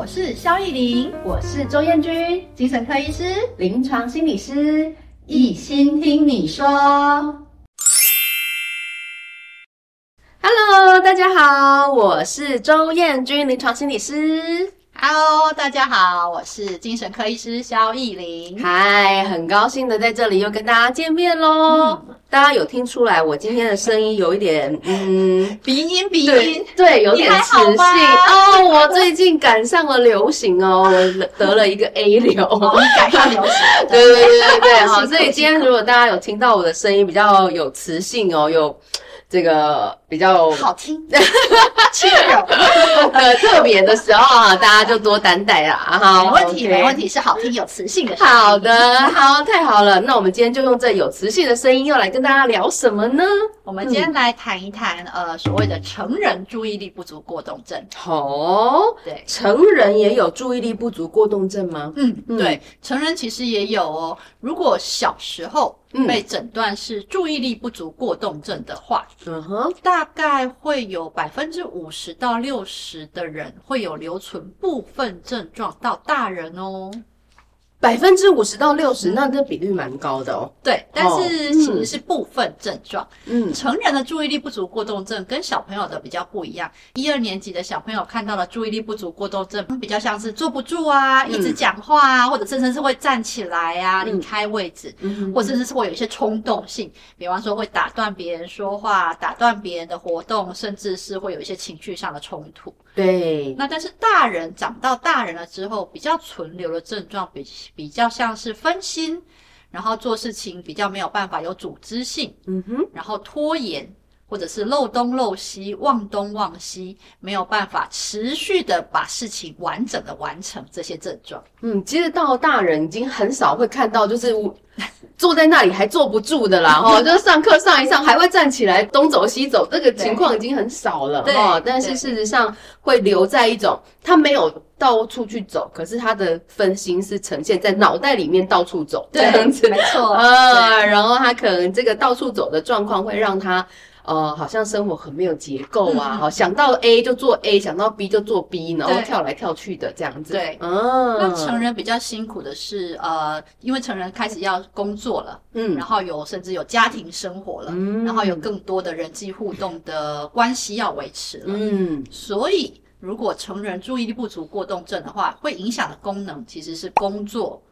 我是蕭亦伶，我是周彥君，精神科醫師、臨床心理師，醫心聽你說。Hello，大家好，我是周彥君，臨床心理師。Hello，大家好，我是精神科醫師蕭亦伶，嗨，很高興的在這裡又跟大家見面嘍。嗯、大家有聽出來，我今天的聲音有一點，嗯，鼻音鼻音對，對，有點磁性哦。Oh, 我最近趕上了流行哦，我得了一個 A 流，哦、你趕上流行，對對對對對，對對 好，所以今天如果大家有聽到我的聲音比較有磁性哦，有。這個比較好聽、輕柔、很特別的時候啊，大家就多擔待啦哈。好，沒問題 Okay 沒問題，是好聽有磁性的聲音。好的，好，太好了。那我們今天就用這有磁性的聲音，又來跟大家聊什麼呢？我們今天來談一談、嗯、呃，所謂的成人注意力不足過動症。哦，對，成人也有注意力不足過動症嗎？嗯，嗯對，成人其實也有哦。如果小時候，被診斷是注意力不足過動症的話，大概會有百分之五十到六十的人會有留存部分症狀到大人哦。百分之五十到六十，是那這比率蠻高的哦。對，哦、但是其實是部分症狀。嗯，成人的注意力不足過動症跟小朋友的比較不一樣。一二年級的小朋友看到了注意力不足過動症，比較像是坐不住啊，嗯、一直講話啊，或者甚至是會站起來啊，嗯、離開位置，或甚至是會有一些衝動性，比方說會打斷別人說話，打斷別人的活動，甚至是會有一些情緒上的衝突。對，那但是大人長到大人了之後，比較存留的症狀比比較像是分心，然後做事情比較沒有辦法有組織性，嗯哼，然後拖延。或者是漏東漏西、忘東忘西，沒有辦法持續的把事情完整的完成，這些症狀。嗯，其實到大人已經很少會看到，就是坐在那裡還坐不住的啦，哈、 哦，就是上課上一上還會站起來 東走西走，這個情況已經很少了。對哦，對但是事實上會留在一種，對他沒有到處去走，可是他的分心是呈現在腦袋裡面到處走，對這樣子。沒錯啊，哦、對然後他可能這個到處走的狀況會讓他。呃，好像生活很沒有結構啊，嗯、好，想到 A 就做 A，想到 B 就做 B，然後跳來跳去的對這樣子。對，嗯，那成人比較辛苦的是，呃，因為成人開始要工作了，嗯，然後有甚至有家庭生活了，嗯、然後有更多的人際互動的關係要維持了，嗯，所以如果成人注意力不足過動症的話，會影響的功能其實是工作、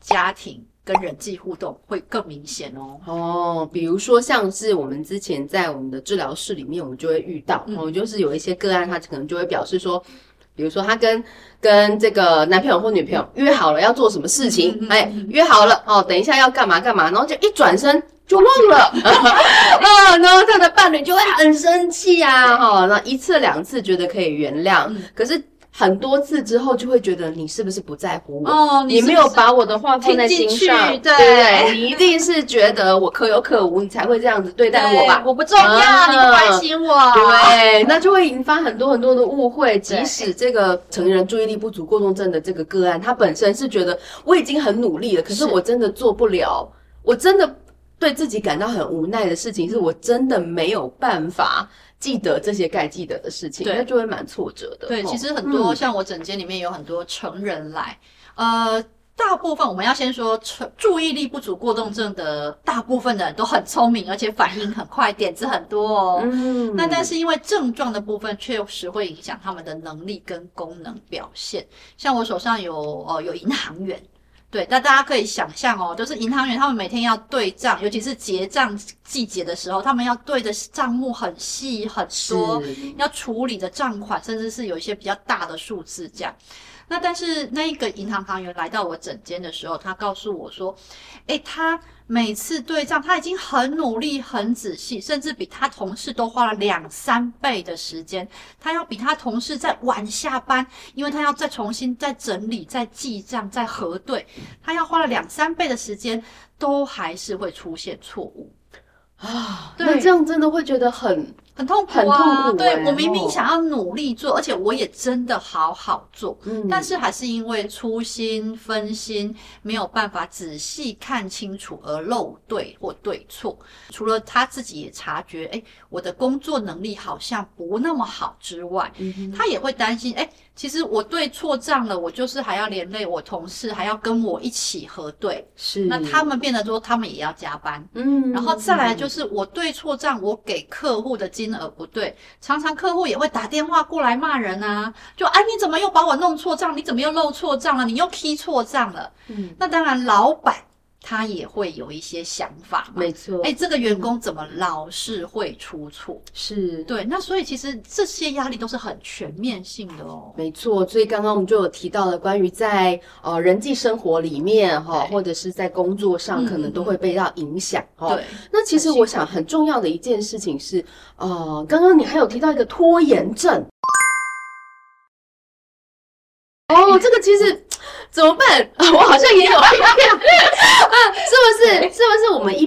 家庭。跟人際互動會更明顯哦。哦，比如說像是我們之前在我們的治療室裡面，我們就會遇到，嗯、哦，就是有一些個案，他可能就會表示說，嗯、比如說他跟跟這個男朋友或女朋友約好了要做什麼事情，誒，約好了哦，等一下要幹嘛幹嘛，然後就一轉身就忘了啊，嗯 哦，然後他的伴侶就會很生氣呀，啊，哈、哦，那一次兩次覺得可以原諒，嗯、可是。很多次之後，就會覺得你是不是不在乎我？哦，你是是沒有把我的話放在心上，對，對，對。你一定是覺得我可有可無，你才會這樣子對待我吧？我不重要，嗯，你不關心我。對，那就會引發很多很多的誤會。即使這個成人注意力不足過動症的這個個案，他本身是覺得我已經很努力了，可是我真的做不了，是我真的對自己感到很無奈的事情，是我真的沒有辦法，記得這些該記得的事情，那對就會蠻挫折的。對。哦、對，其實很多、嗯、像我診間裡面有很多成人來，呃，大部分我們要先說、呃，注意力不足過動症的大部分的人都很聰明，而且反應很快，點子很多哦。嗯，那但，但是因為症狀的部分確實會影響他們的能力跟功能表現。像我手上有呃，有銀行員。對，那大家可以想象哦，就是銀行員他們每天要對賬，尤其是結賬季節的時候，他們要對的賬目很細很多，是要處理的賬款，甚至是有一些比較大的數字這樣。那但是那一個銀行行員來到我診間的時候，他告訴我說：“誒、欸，他每次對賬，他已經很努力、很仔細，甚至比他同事都花了兩三倍的時間。他要比他同事再晚下班，因為他要再重新再整理、再記賬、再核對。他要花了兩三倍的時間，都還是會出現錯誤啊！對。那這樣真的會覺得很……”很痛苦啊，很痛苦、欸對！對，我明明想要努力做，而且我也真的好好做，嗯、但是還是因為粗心、分心，沒有辦法仔細看清楚而漏對或對錯。除了他自己也察覺，誒、欸，我的工作能力好像不那麼好之外，嗯哼他也會擔心，誒、欸其實我對錯賬了，我就是還要連累我同事，還要跟我一起核對。是，那他們變得說他們也要加班。嗯，然後再來就是我對錯賬，嗯、我給客戶的金額不對，常常客戶也會打電話過來罵人啊，就哎你怎麼又把我弄錯賬？你怎麼又漏錯賬了？你又批錯賬了？嗯，那當然老闆。他也會有一些想法，沒錯。哎，這個員工怎麼老是會出錯？是，對。那所以其實這些壓力都是很全面性的哦。沒錯，所以剛剛我們就有提到了關於在呃人際生活裡面哈，或者是在工作上，可能都會被到影響。對。那其實我想很重要的一件事情是，呃，剛剛你還有提到一個拖延症。哦，這個其實怎麼辦？我好像也有。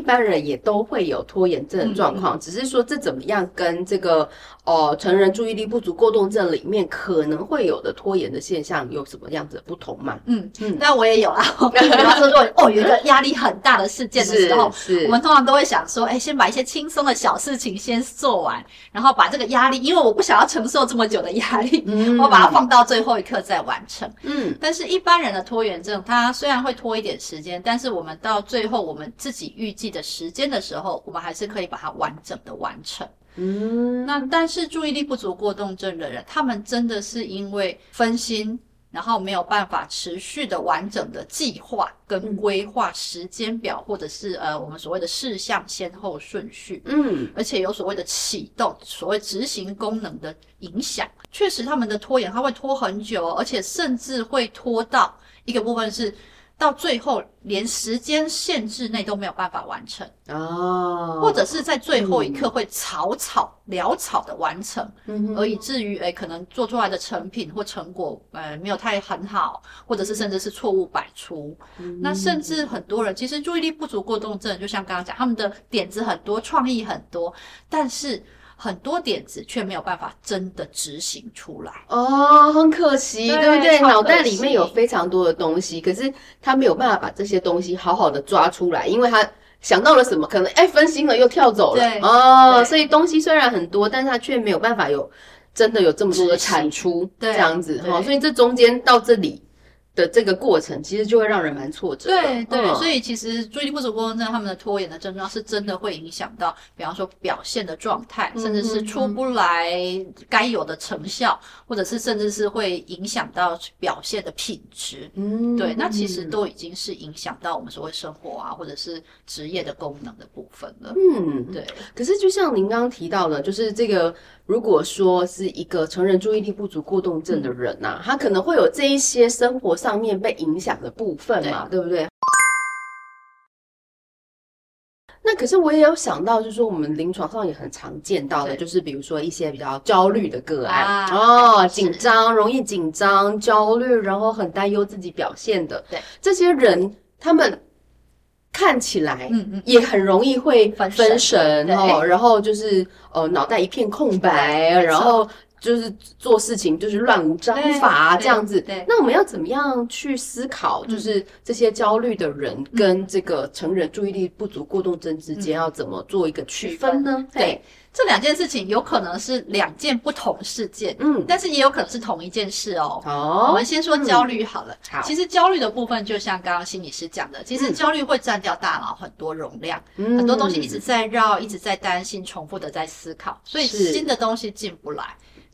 一般人也都會有拖延症狀況，嗯、只是說這怎麼樣跟這個哦、呃、成人注意力不足過動症裡面可能會有的拖延的現象有什麼樣子的不同嘛？嗯嗯，嗯，那我也有啊。 比方說、說，如果哦有一個壓力很大的事件的時候，我們通常都會想說，哎，先把一些輕鬆的小事情先做完，然後把這個壓力，因為我不想要承受這麼久的壓力，嗯、我把它放到最後一刻再完成。嗯，但是，一般人的拖延症，它雖然會拖一點時間，但是我們到最後，我們自己預計的。時間的時候，我們還是可以把它完整的完成。嗯，那但是注意力不足過動症的人，他們真的是因為分心，然後沒有辦法持續的完整的計劃跟規劃時間表，嗯、或者是呃我們所謂的事項先後順序。嗯，而且有所謂的啟動、所謂執行功能的影響，確實他們的拖延，他會拖很久，而且甚至會拖到一個部分是。到最後，連時間限制內都沒有辦法完成哦，oh, 或者是在最後一刻會草草潦草的完成，嗯、哼而以至於誒、欸、可能做出來的成品或成果呃沒有太很好，或者是甚至是錯誤百出。嗯、哼那甚至很多人其實注意力不足過動症，就像剛剛講，他們的點子很多，創意很多，但是。很多點子卻沒有辦法真的執行出來哦，很可惜，對，對不對？腦袋裡面有非常多的東西，可是他沒有辦法把這些東西好好的抓出來，因為他想到了什麼，可能哎、欸、分心了又跳走了，對，哦，對所以東西雖然很多，但是他卻沒有辦法有真的有這麼多的產出，對這樣子哈對、哦，所以這中間到這裡。的這個過程其實就會讓人蠻挫折的對。對對，嗯、所以其實注意力不足過動症他們的拖延的症狀是真的會影響到，比方說表現的狀態，嗯嗯嗯嗯，甚至是出不來該有的成效，或者是甚至是會影響到表現的品質。嗯，嗯，對，那其實都已經是影響到我們所謂生活啊，或者是職業的功能的部分了。嗯，對。可是就像您剛剛提到的，就是這個。如果說是一個成人注意力不足過動症的人吶、啊，嗯、他可能會有這一些生活上面被影響的部分嘛，對，對不對？那可是我也有想到，就是說我們臨床上也很常見到的，就是比如說一些比較焦慮的個案對哦，是緊張、容易緊張、焦慮，然後很擔憂自己表現的，對這些人，他們。看起來，嗯嗯，也很容易會分神哦，對然後就是，呃，腦袋一片空白，對然後。就是做事情就是亂無章法啊，這樣子。對。那我們要怎麼樣去思考？就是這些焦慮的人跟這個成人注意力不足過動症之間要怎麼做一個區分呢？對，這兩件事情有可能是兩件不同事件，嗯，但是也有可能是同一件事哦。我們先說焦慮好了。其實焦慮的部分就像剛剛心理師講的，其實焦慮會占掉大腦很多容量，嗯，很多東西一直在繞，一直在擔心，重複的在思考，所以新的東西進不來。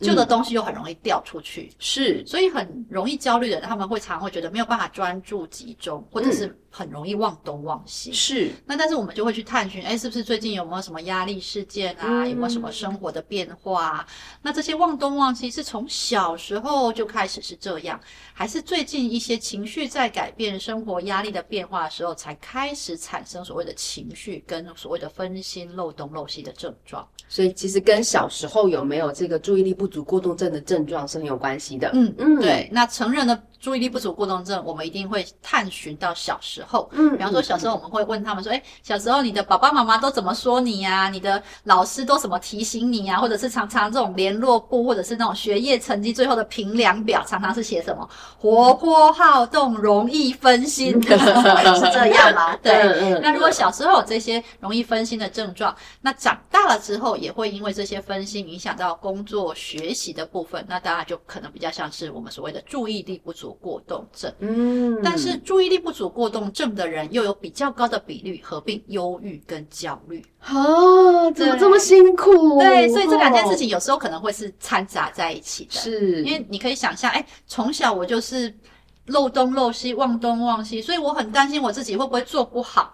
舊、嗯、的東西又很容易掉出去，是，所以很容易焦慮的人，他們會常，常會覺得沒有辦法專注集中，嗯、或者是很容易忘東忘西。是，那但是我們就會去探尋，誒、欸，是不是最近有沒有什麼壓力事件啊？嗯、有沒有什麼生活的變化、啊？那這些忘東忘西是從小時候就開始是這樣，還是最近一些情緒在改變、生活壓力的變化的時候才開始產生所謂的情緒跟所謂的分心、漏東漏西的症狀？所以其實跟小時候有沒有這個注意力不主過動症的症狀是很有關係的。嗯嗯，嗯對。那成人的。注意力不足過動症，我們一定會探尋到小時候。嗯，比方說小時候我們會問他們說：“哎、嗯嗯，小時候你的爸爸媽媽都怎麼說你呀、啊？你的老師都怎麼提醒你啊？或者是常常這種聯絡簿，或者是那種學業成績最後的評量表，常常是寫什麼活潑好動、容易分心，嗯、 是這樣嗎？ 對。嗯嗯、那如果小時候有這些容易分心的症狀，那長大了之後也會因為這些分心影響到工作學習的部分，那當然就可能比較像是我們所謂的注意力不足。過動症，嗯，但是注意力不足過動症的人又有比較高的比率合併憂鬱跟焦慮，啊，對，怎麼這麼辛苦，對，哦，所以這兩件事情有時候可能會是摻雜在一起的，是，因為你可以想象，哎，欸，從小我就是漏東漏西、忘東忘西，所以我很擔心我自己會不會做不好，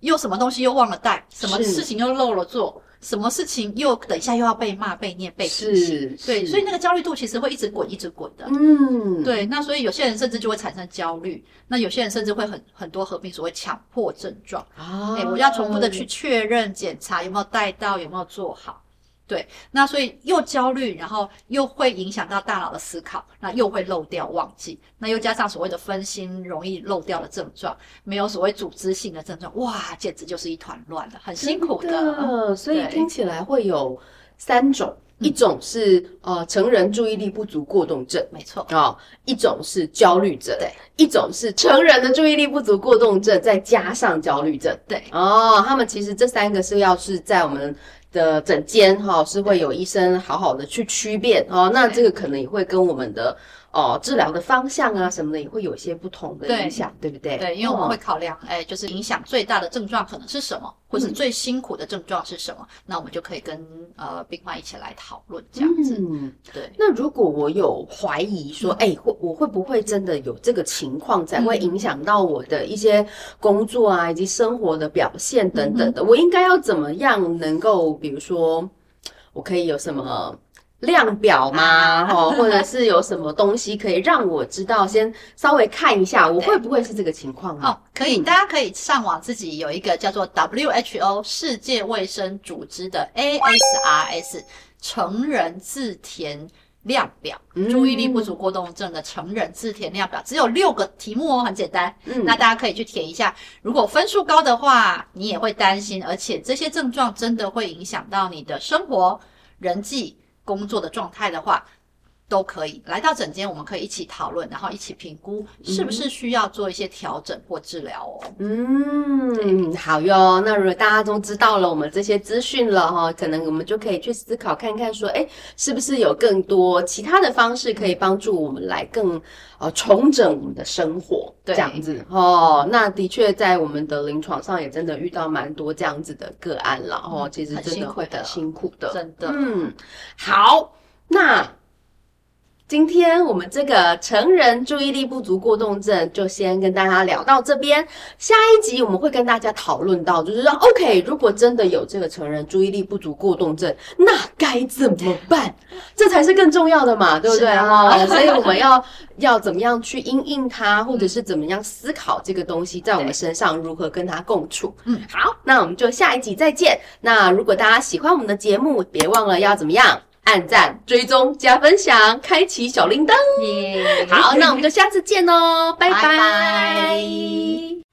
又什麼東西又忘了帶，什麼事情又漏了做。什麼事情又等一下又要被罵被念、被批評、被提醒是對，是所以那個焦慮度其實會一直滾，一直滾的。嗯，對。那所以有些人甚至就會產生焦慮，那有些人甚至會很很多合併所謂強迫症狀。哦、哎，我要重複的去確認檢查有沒有帶到，有沒有做好。對，那所以又焦慮，然後又會影響到大腦的思考，那又會漏掉、忘記，那又加上所謂的分心，容易漏掉的症狀，沒有所謂組織性的症狀，哇，簡直就是一團亂的，很辛苦的。的嗯、所以聽起來會有三種：對嗯、一種是呃成人注意力不足過動症，沒錯啊、哦；一種是焦慮症，對；一種是成人的注意力不足過動症，再加上焦慮症，對。對哦，他們其實這三個是要是在我們。的診間哈，是會有醫生好好的去區辨哦，對那這個可能也會跟我們的。.哦，治療的方向啊什麼的也會有一些不同的影響，對，對不對？對，因為我們會考量，誒、哦哎、就是影響最大的症狀可能是什麼，或是最辛苦的症狀是什麼，那、嗯、我們就可以跟呃病患一起來討論這樣子。嗯、對，那如果我有懷疑說，誒會、嗯哎、我，我會不會真的有這個情況在，會影響到我的一些工作啊以及生活的表現等等的，嗯、哼我應該要怎麼樣能夠，比如說，我可以有什麼？嗯量表嗎？ 或者是有什麼東西可以讓我知道？ 先稍微看一下，我會不會是這個情況、啊、哦，可以，嗯、大家可以上網自己有一個叫做 WHO 世界衛生組織的 ASRS 成人自填量表，嗯、注意力不足過動症的成人自填量表，只有六個題目哦，很簡單。嗯，那大家可以去填一下。如果分數高的話，你也會擔心，而且這些症狀真的會影響到你的生活、人際。工作的狀態的話，都可以來到診間，我們可以一起討論，然後一起評估是不是需要做一些調整或治療哦。嗯，嗯，好喲。那如果大家都知道了我們這些資訊了哈、哦，可能我們就可以去思考看看說，說誒是不是有更多其他的方式可以幫助我們來更、嗯、呃重整我們的生活對這樣子哦。那的確在我們的臨床上也真的遇到蠻多這樣子的個案了哦，其實真的會很辛苦，很辛苦的，真的，很辛苦的真的。嗯，好，那。今天我們這個成人注意力不足過動症就先跟大家聊到這邊，下一集我們會跟大家討論到，就是說，OK，如果真的有這個成人注意力不足過動症，那該怎麼辦？ 這才是更重要的嘛，對不對啊？ 所以我們要要怎麼樣去因應它，或者是怎麼樣思考這個東西在我們身上如何跟它共處。 嗯，好，那我們就下一集再見。那如果大家喜歡我們的節目，別忘了要怎麼樣？按讚追蹤加分享，開啟小鈴鐺。Yeah. 好，那我們就下次見囉， 拜拜。Bye bye.